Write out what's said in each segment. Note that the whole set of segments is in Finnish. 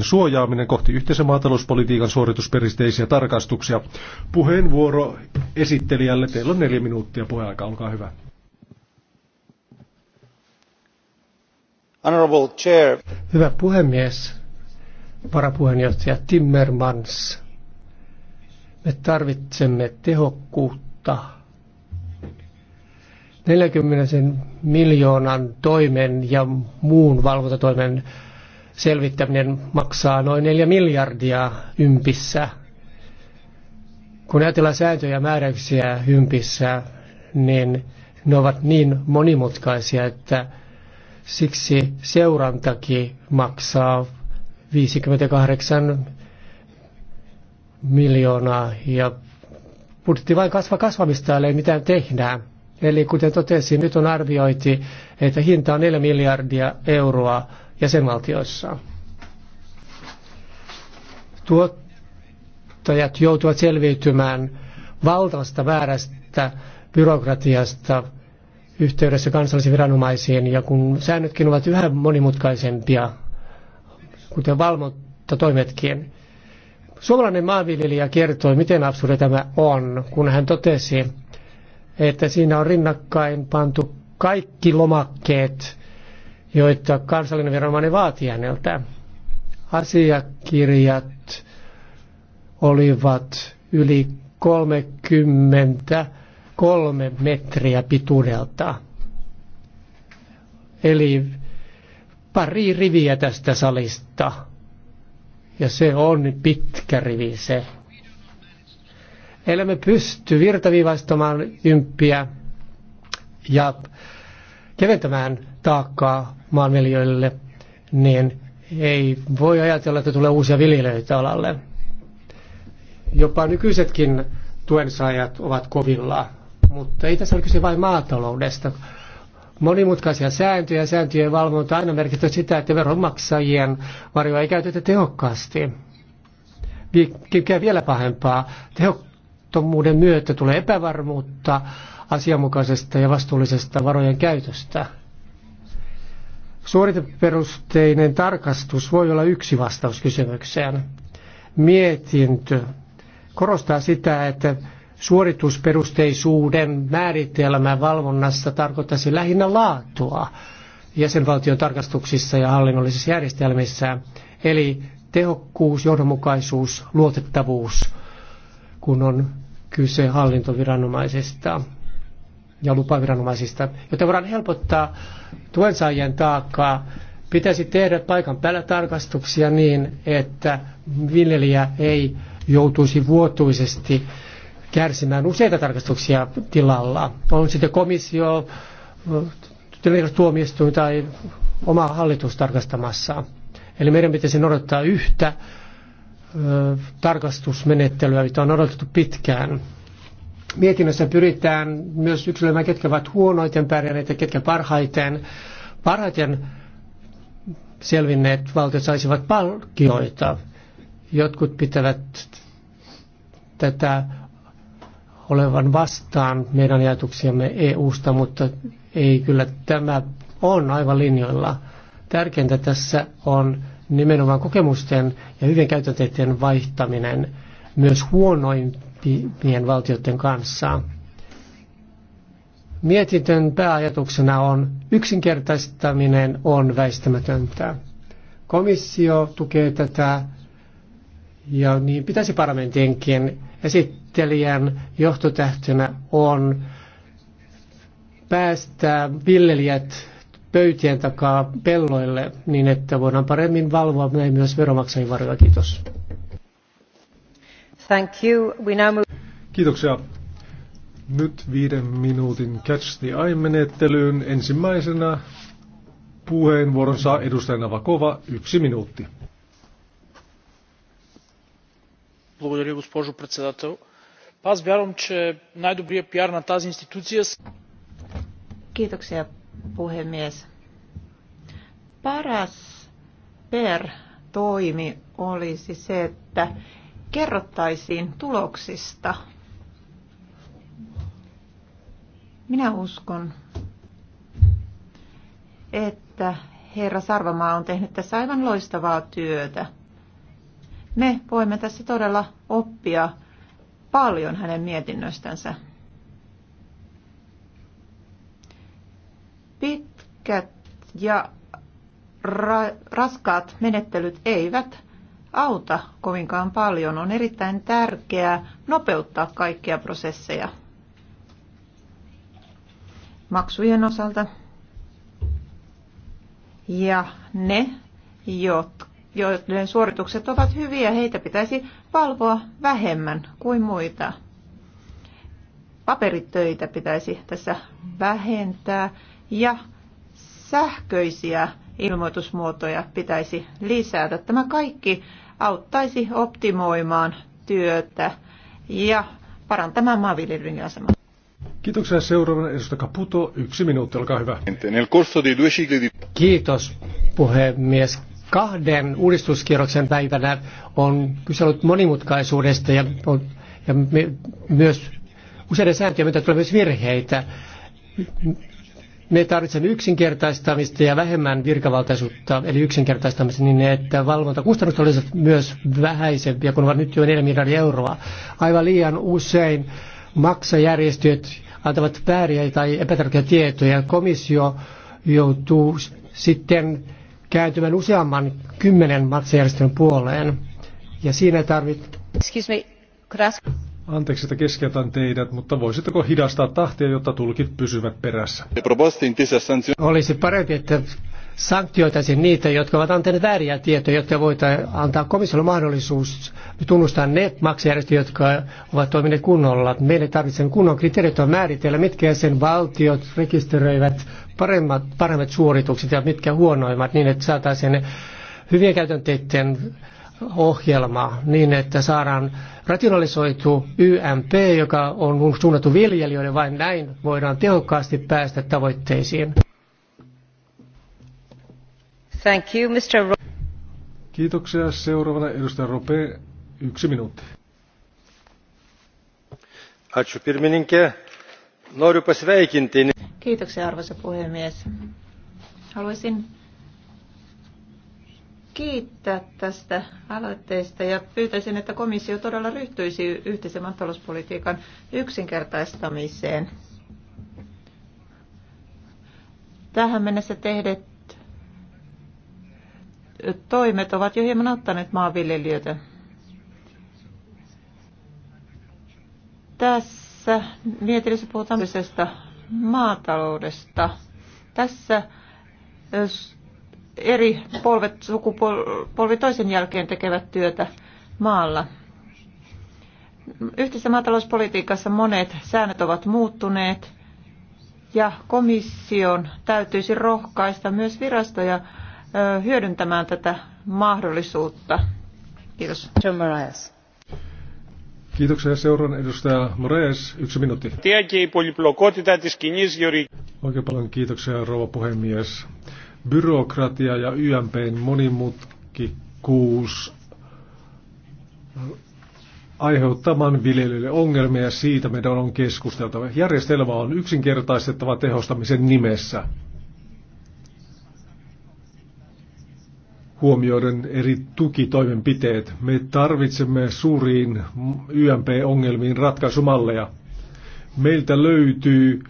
suojaaminen kohti yhteisen maatalouspolitiikan suoritusperusteisia tarkastuksia. Puheenvuoro esittelijälle. Teillä on neljä minuuttia puheaika. Olkaa hyvä. Honorable Chair. Hyvä puhemies, varapuheenjohtaja Timmermans. Me tarvitsemme tehokkuutta. 40 miljoonan toimen ja muun valvontatoimen selvittäminen maksaa noin 4 miljardia ympissä. Kun ajatellaan sääntöjä ja määräyksiä ympissä, niin ne ovat niin monimutkaisia, että siksi seurantakin maksaa 58 miljoonaa ja budjetti vain kasva kasvamista, ei mitään tehdä. Eli kuten totesin, nyt on arviointi, että hinta on 4 miljardia euroa jäsenvaltioissaan. Tuottajat joutuvat selviytymään valtavasta väärästä byrokratiasta yhteydessä kansallisiin viranomaisiin, ja kun säännötkin ovat yhä monimutkaisempia, kuten toimetkin. Suomalainen maanviljelijä kertoi, miten absurdi tämä on, kun hän totesi, että siinä on rinnakkain pantu kaikki lomakkeet joita kansallinen viranomainen vaati häneltä. Asiakirjat olivat yli 33 metriä pituudelta. Eli pari riviä tästä salista. Ja se on pitkä rivi se. Elämme pysty virtaviivaistamaan ympiä ja keventämään taakkaa maanviljelijöille, niin ei voi ajatella, että tulee uusia viljelijöitä alalle. Jopa nykyisetkin tuensaajat ovat kovilla, mutta ei tässä ole kyse vain maataloudesta. Monimutkaisia sääntöjä ja sääntöjen valvonta aina merkitsee sitä, että veronmaksajien varjoa ei käytetä tehokkaasti. Mikä vielä pahempaa, tehottomuuden myötä tulee epävarmuutta asianmukaisesta ja vastuullisesta varojen käytöstä. Suoriteperusteinen tarkastus voi olla yksi vastaus kysymykseen. Mietintö korostaa sitä, että suoritusperusteisuuden määritelmä valvonnassa tarkoittaisi lähinnä laatua jäsenvaltion tarkastuksissa ja hallinnollisissa järjestelmissä, eli tehokkuus, johdonmukaisuus, luotettavuus, kun on kyse hallintoviranomaisista ja lupaviranomaisista, jotta voidaan helpottaa tuensaajien taakkaa. Pitäisi tehdä paikan päällä tarkastuksia niin, että viljelijä ei joutuisi vuotuisesti kärsimään useita tarkastuksia tilalla. On sitten komissio, tuomioistuin tai oma hallitus tarkastamassa. Eli meidän pitäisi odottaa yhtä ö, tarkastusmenettelyä, mitä on odotettu pitkään. Mietinnössä pyritään myös yksilöimään, ketkä ovat huonoiten pärjänneet ja ketkä parhaiten. Parhaiten selvinneet valtiot saisivat palkkioita. Jotkut pitävät tätä olevan vastaan meidän ajatuksiamme EU-sta, mutta ei kyllä tämä on aivan linjoilla. Tärkeintä tässä on nimenomaan kokemusten ja hyvien käytänteiden vaihtaminen. Myös huonoin liittyvien valtioiden kanssa. Mietitön pääajatuksena on yksinkertaistaminen on väistämätöntä. Komissio tukee tätä ja niin pitäisi parlamentinkin esittelijän johtotähtönä on päästää viljelijät pöytien takaa pelloille niin, että voidaan paremmin valvoa näin myös veromaksajien varoja. Kiitos. Thank you. We now move... Kiitoksia. Nyt viiden minuutin Catch the Eye-menettelyyn. Ensimmäisenä puheenvuoron saa edustaja Navakova, yksi minuutti. Kiitoksia, puhemies. Paras per toimi olisi se, että kerrottaisiin tuloksista. Minä uskon, että herra Sarvamaa on tehnyt tässä aivan loistavaa työtä. Me voimme tässä todella oppia paljon hänen mietinnöstänsä. Pitkät ja ra- raskaat menettelyt eivät auta kovinkaan paljon. On erittäin tärkeää nopeuttaa kaikkia prosesseja maksujen osalta. Ja ne, joiden suoritukset ovat hyviä, heitä pitäisi valvoa vähemmän kuin muita. Paperitöitä pitäisi tässä vähentää ja sähköisiä ilmoitusmuotoja pitäisi lisätä. Tämä kaikki auttaisi optimoimaan työtä ja parantamaan maanviljelyn asemaa. Kiitoksia seuraavana edustaja Kaputo. Yksi minuutti, olkaa hyvä. Kiitos puhemies. Kahden uudistuskierroksen päivänä on kyse ollut monimutkaisuudesta ja, on, ja me, myös useiden sääntöjen mitä tulee myös virheitä me tarvitsemme yksinkertaistamista ja vähemmän virkavaltaisuutta, eli yksinkertaistamista niin, että valvontakustannukset olisivat myös vähäisempiä, kun ovat nyt jo 4 miljardia euroa. Aivan liian usein maksajärjestöt antavat vääriä tai epätarkoja tietoja. Komissio joutuu sitten kääntymään useamman kymmenen maksajärjestön puoleen. Ja siinä tarvit... Excuse me, could I ask... Anteeksi, että keskeytän teidät, mutta voisitteko hidastaa tahtia, jotta tulkit pysyvät perässä? Olisi parempi, että sanktioitaisiin niitä, jotka ovat antaneet vääriä tietoja, jotta voitaisiin antaa komissiolle mahdollisuus tunnustaa ne maksajärjestöt, jotka ovat toimineet kunnolla. Meille tarvitsee kunnon kriteerit on määritellä, mitkä sen valtiot rekisteröivät paremmat, paremmat suoritukset ja mitkä huonoimmat, niin että saataisiin hyvien käytänteiden ohjelmaa niin, että saadaan rationalisoitu YMP, joka on suunnattu viljelijöille, vain näin voidaan tehokkaasti päästä tavoitteisiin. Thank you, Mr. Ro- Kiitoksia. Seuraavana edustaja Rope, yksi minuutti. Ačiū pirmininkė. Kiitoksia arvoisa puhemies. Haluaisin kiittää tästä aloitteesta ja pyytäisin, että komissio todella ryhtyisi yhteisen maatalouspolitiikan yksinkertaistamiseen. Tähän mennessä tehdyt toimet ovat jo hieman auttaneet maanviljelijöitä. Tässä mietinnössä puhutaan maataloudesta. Tässä jos eri polvet, sukupolvi toisen jälkeen tekevät työtä maalla. Yhteisessä maatalouspolitiikassa monet säännöt ovat muuttuneet ja komission täytyisi rohkaista myös virastoja hyödyntämään tätä mahdollisuutta. Kiitos. Kiitoksia Seuraan edustaja Moraes. Yksi minuutti. Oikein paljon kiitoksia rouva puhemies. Byrokratia ja YMPn monimutkikkuus aiheuttamaan viljelijöille ongelmia ja siitä meidän on keskusteltava. Järjestelmä on yksinkertaistettava tehostamisen nimessä. huomioiden eri tukitoimenpiteet. Me tarvitsemme suuriin YMP-ongelmiin ratkaisumalleja. Meiltä löytyy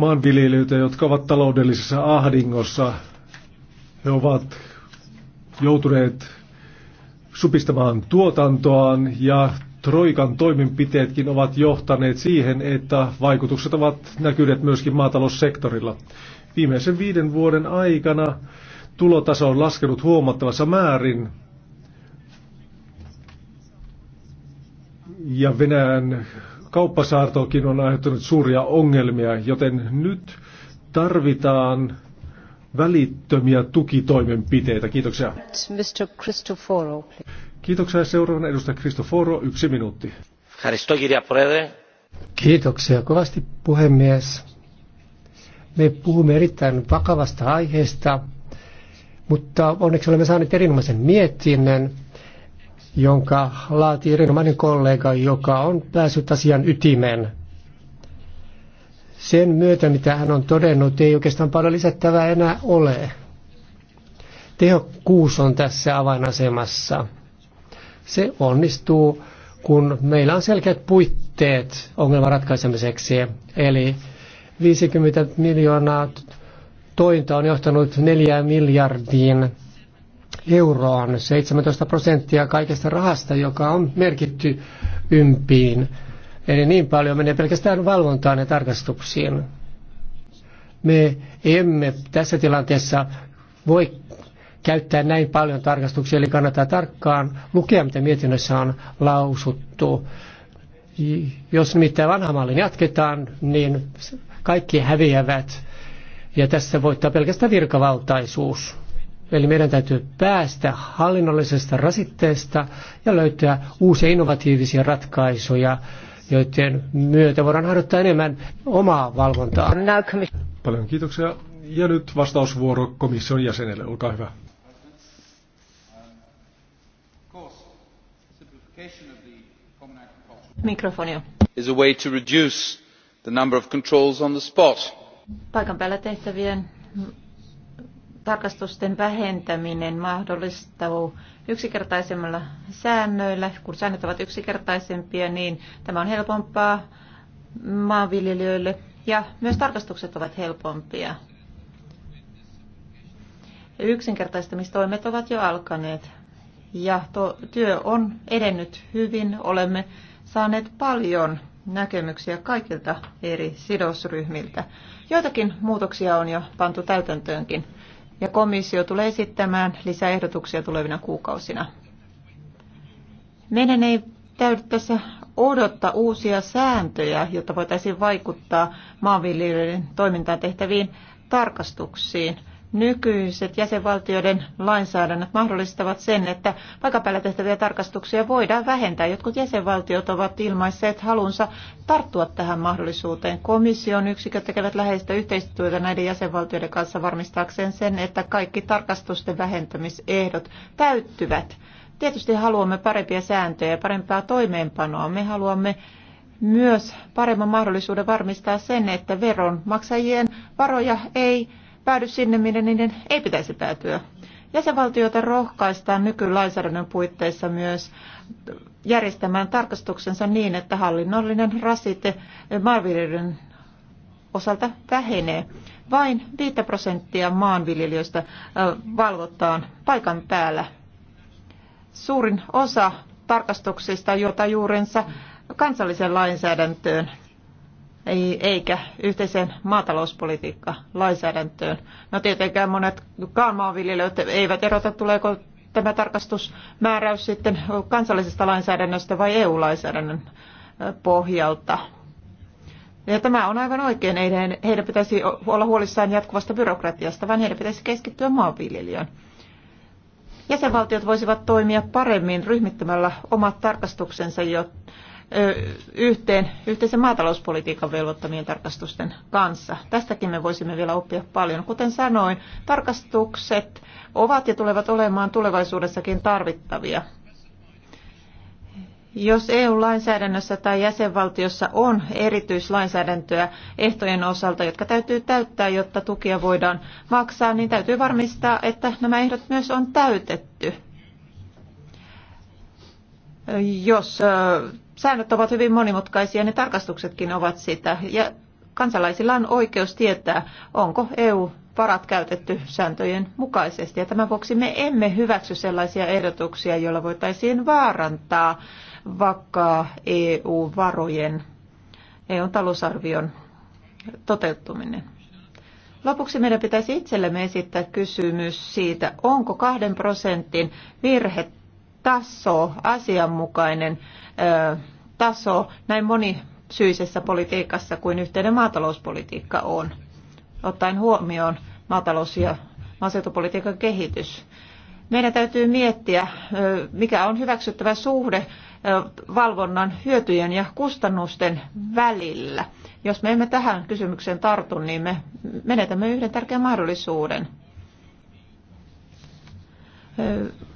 maanviljelijöitä, jotka ovat taloudellisessa ahdingossa. He ovat joutuneet supistamaan tuotantoaan ja Troikan toimenpiteetkin ovat johtaneet siihen, että vaikutukset ovat näkyneet myöskin maataloussektorilla. Viimeisen viiden vuoden aikana tulotaso on laskenut huomattavassa määrin ja Venäjän kauppasaartokin on aiheuttanut suuria ongelmia, joten nyt tarvitaan välittömiä tukitoimenpiteitä. Kiitoksia. Mr. Cristoforo, Kiitoksia. Seuraavana edustaja Cristoforo, yksi minuutti. Kiitoksia kovasti puhemies. Me puhumme erittäin vakavasta aiheesta, mutta onneksi olemme saaneet erinomaisen mietinnön, jonka laati erinomainen kollega, joka on päässyt asian ytimeen. Sen myötä, mitä hän on todennut, ei oikeastaan paljon lisättävää enää ole. Tehokkuus on tässä avainasemassa. Se onnistuu, kun meillä on selkeät puitteet ongelman ratkaisemiseksi. Eli 50 miljoonaa tointa on johtanut 4 miljardiin euroon, 17 prosenttia kaikesta rahasta, joka on merkitty ympiin. Eli niin paljon menee pelkästään valvontaan ja tarkastuksiin. Me emme tässä tilanteessa voi käyttää näin paljon tarkastuksia, eli kannattaa tarkkaan lukea, mitä mietinnössä on lausuttu. Jos nimittäin vanha mallin jatketaan, niin kaikki häviävät. Ja tässä voittaa pelkästään virkavaltaisuus. Eli meidän täytyy päästä hallinnollisesta rasitteesta ja löytää uusia innovatiivisia ratkaisuja, joiden myötä voidaan harjoittaa enemmän omaa valvontaa. Paljon kiitoksia. Ja nyt vastausvuoro komission jäsenelle. Olkaa hyvä. Mikrofonia. Is a way to reduce the number of controls on the spot. Paikan päällä tehtävien tarkastusten vähentäminen mahdollistuu yksinkertaisemmilla säännöillä. Kun säännöt ovat yksinkertaisempia, niin tämä on helpompaa maanviljelijöille ja myös tarkastukset ovat helpompia. Yksinkertaistamistoimet ovat jo alkaneet ja tuo työ on edennyt hyvin. Olemme saaneet paljon näkemyksiä kaikilta eri sidosryhmiltä. Joitakin muutoksia on jo pantu täytäntöönkin ja komissio tulee esittämään lisäehdotuksia tulevina kuukausina. Meidän ei täytyy tässä odottaa uusia sääntöjä, jotta voitaisiin vaikuttaa maanviljelijöiden toimintaan tehtäviin tarkastuksiin – nykyiset jäsenvaltioiden lainsäädännöt mahdollistavat sen, että paikapäällä tehtäviä tarkastuksia voidaan vähentää. Jotkut jäsenvaltiot ovat ilmaisseet halunsa tarttua tähän mahdollisuuteen. Komission yksiköt tekevät läheistä yhteistyötä näiden jäsenvaltioiden kanssa varmistaakseen sen, että kaikki tarkastusten vähentämisehdot täyttyvät. Tietysti haluamme parempia sääntöjä ja parempaa toimeenpanoa. Me haluamme myös paremman mahdollisuuden varmistaa sen, että veronmaksajien varoja ei päädy sinne, minne niiden ei pitäisi päätyä. Jäsenvaltioita rohkaistaan nykylainsäädännön puitteissa myös järjestämään tarkastuksensa niin, että hallinnollinen rasite maanviljelijöiden osalta vähenee. Vain 5 prosenttia maanviljelijöistä valvotaan paikan päällä. Suurin osa tarkastuksista jota juurensa kansalliseen lainsäädäntöön eikä yhteiseen maatalouspolitiikka lainsäädäntöön. No tietenkään monet maanviljelijät eivät erota, tuleeko tämä tarkastusmääräys sitten kansallisesta lainsäädännöstä vai EU-lainsäädännön pohjalta. Ja tämä on aivan oikein. Ei heidän pitäisi olla huolissaan jatkuvasta byrokratiasta, vaan heidän pitäisi keskittyä maanviljelijöön. Jäsenvaltiot voisivat toimia paremmin ryhmittämällä omat tarkastuksensa, yhteen yhteisen maatalouspolitiikan velvoittamien tarkastusten kanssa. Tästäkin me voisimme vielä oppia paljon. Kuten sanoin, tarkastukset ovat ja tulevat olemaan tulevaisuudessakin tarvittavia. Jos EU-lainsäädännössä tai jäsenvaltiossa on erityislainsäädäntöä ehtojen osalta, jotka täytyy täyttää, jotta tukia voidaan maksaa, niin täytyy varmistaa, että nämä ehdot myös on täytetty. Jos Säännöt ovat hyvin monimutkaisia, ne tarkastuksetkin ovat sitä. Ja kansalaisilla on oikeus tietää, onko EU varat käytetty sääntöjen mukaisesti. Ja tämän vuoksi me emme hyväksy sellaisia ehdotuksia, joilla voitaisiin vaarantaa vakaa EU-varojen, EU-talousarvion toteuttuminen. Lopuksi meidän pitäisi itsellemme esittää kysymys siitä, onko kahden prosentin virhe taso, asianmukainen ö, taso näin monisyisessä politiikassa kuin yhteinen maatalouspolitiikka on, ottaen huomioon maatalous- ja maaseutupolitiikan kehitys. Meidän täytyy miettiä, mikä on hyväksyttävä suhde valvonnan hyötyjen ja kustannusten välillä. Jos me emme tähän kysymykseen tartu, niin me menetämme yhden tärkeän mahdollisuuden.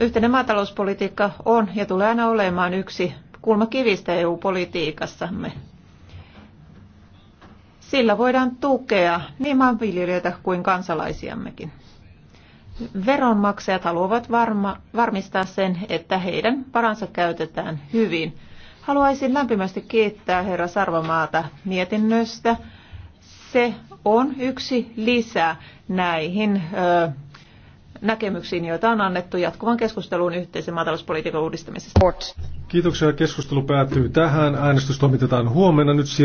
Yhteinen maatalouspolitiikka on ja tulee aina olemaan yksi kulmakivistä EU-politiikassamme. Sillä voidaan tukea niin maanviljelijöitä kuin kansalaisiammekin. Veronmaksajat haluavat varma, varmistaa sen, että heidän paransa käytetään hyvin. Haluaisin lämpimästi kiittää herra Sarvamaata mietinnöstä. Se on yksi lisä näihin ö, näkemyksiin, joita on annettu jatkuvan keskusteluun yhteisen maatalouspolitiikan uudistamisesta. Kiitoksia. Keskustelu päättyy tähän. Äänestys toimitetaan huomenna. Nyt siirry.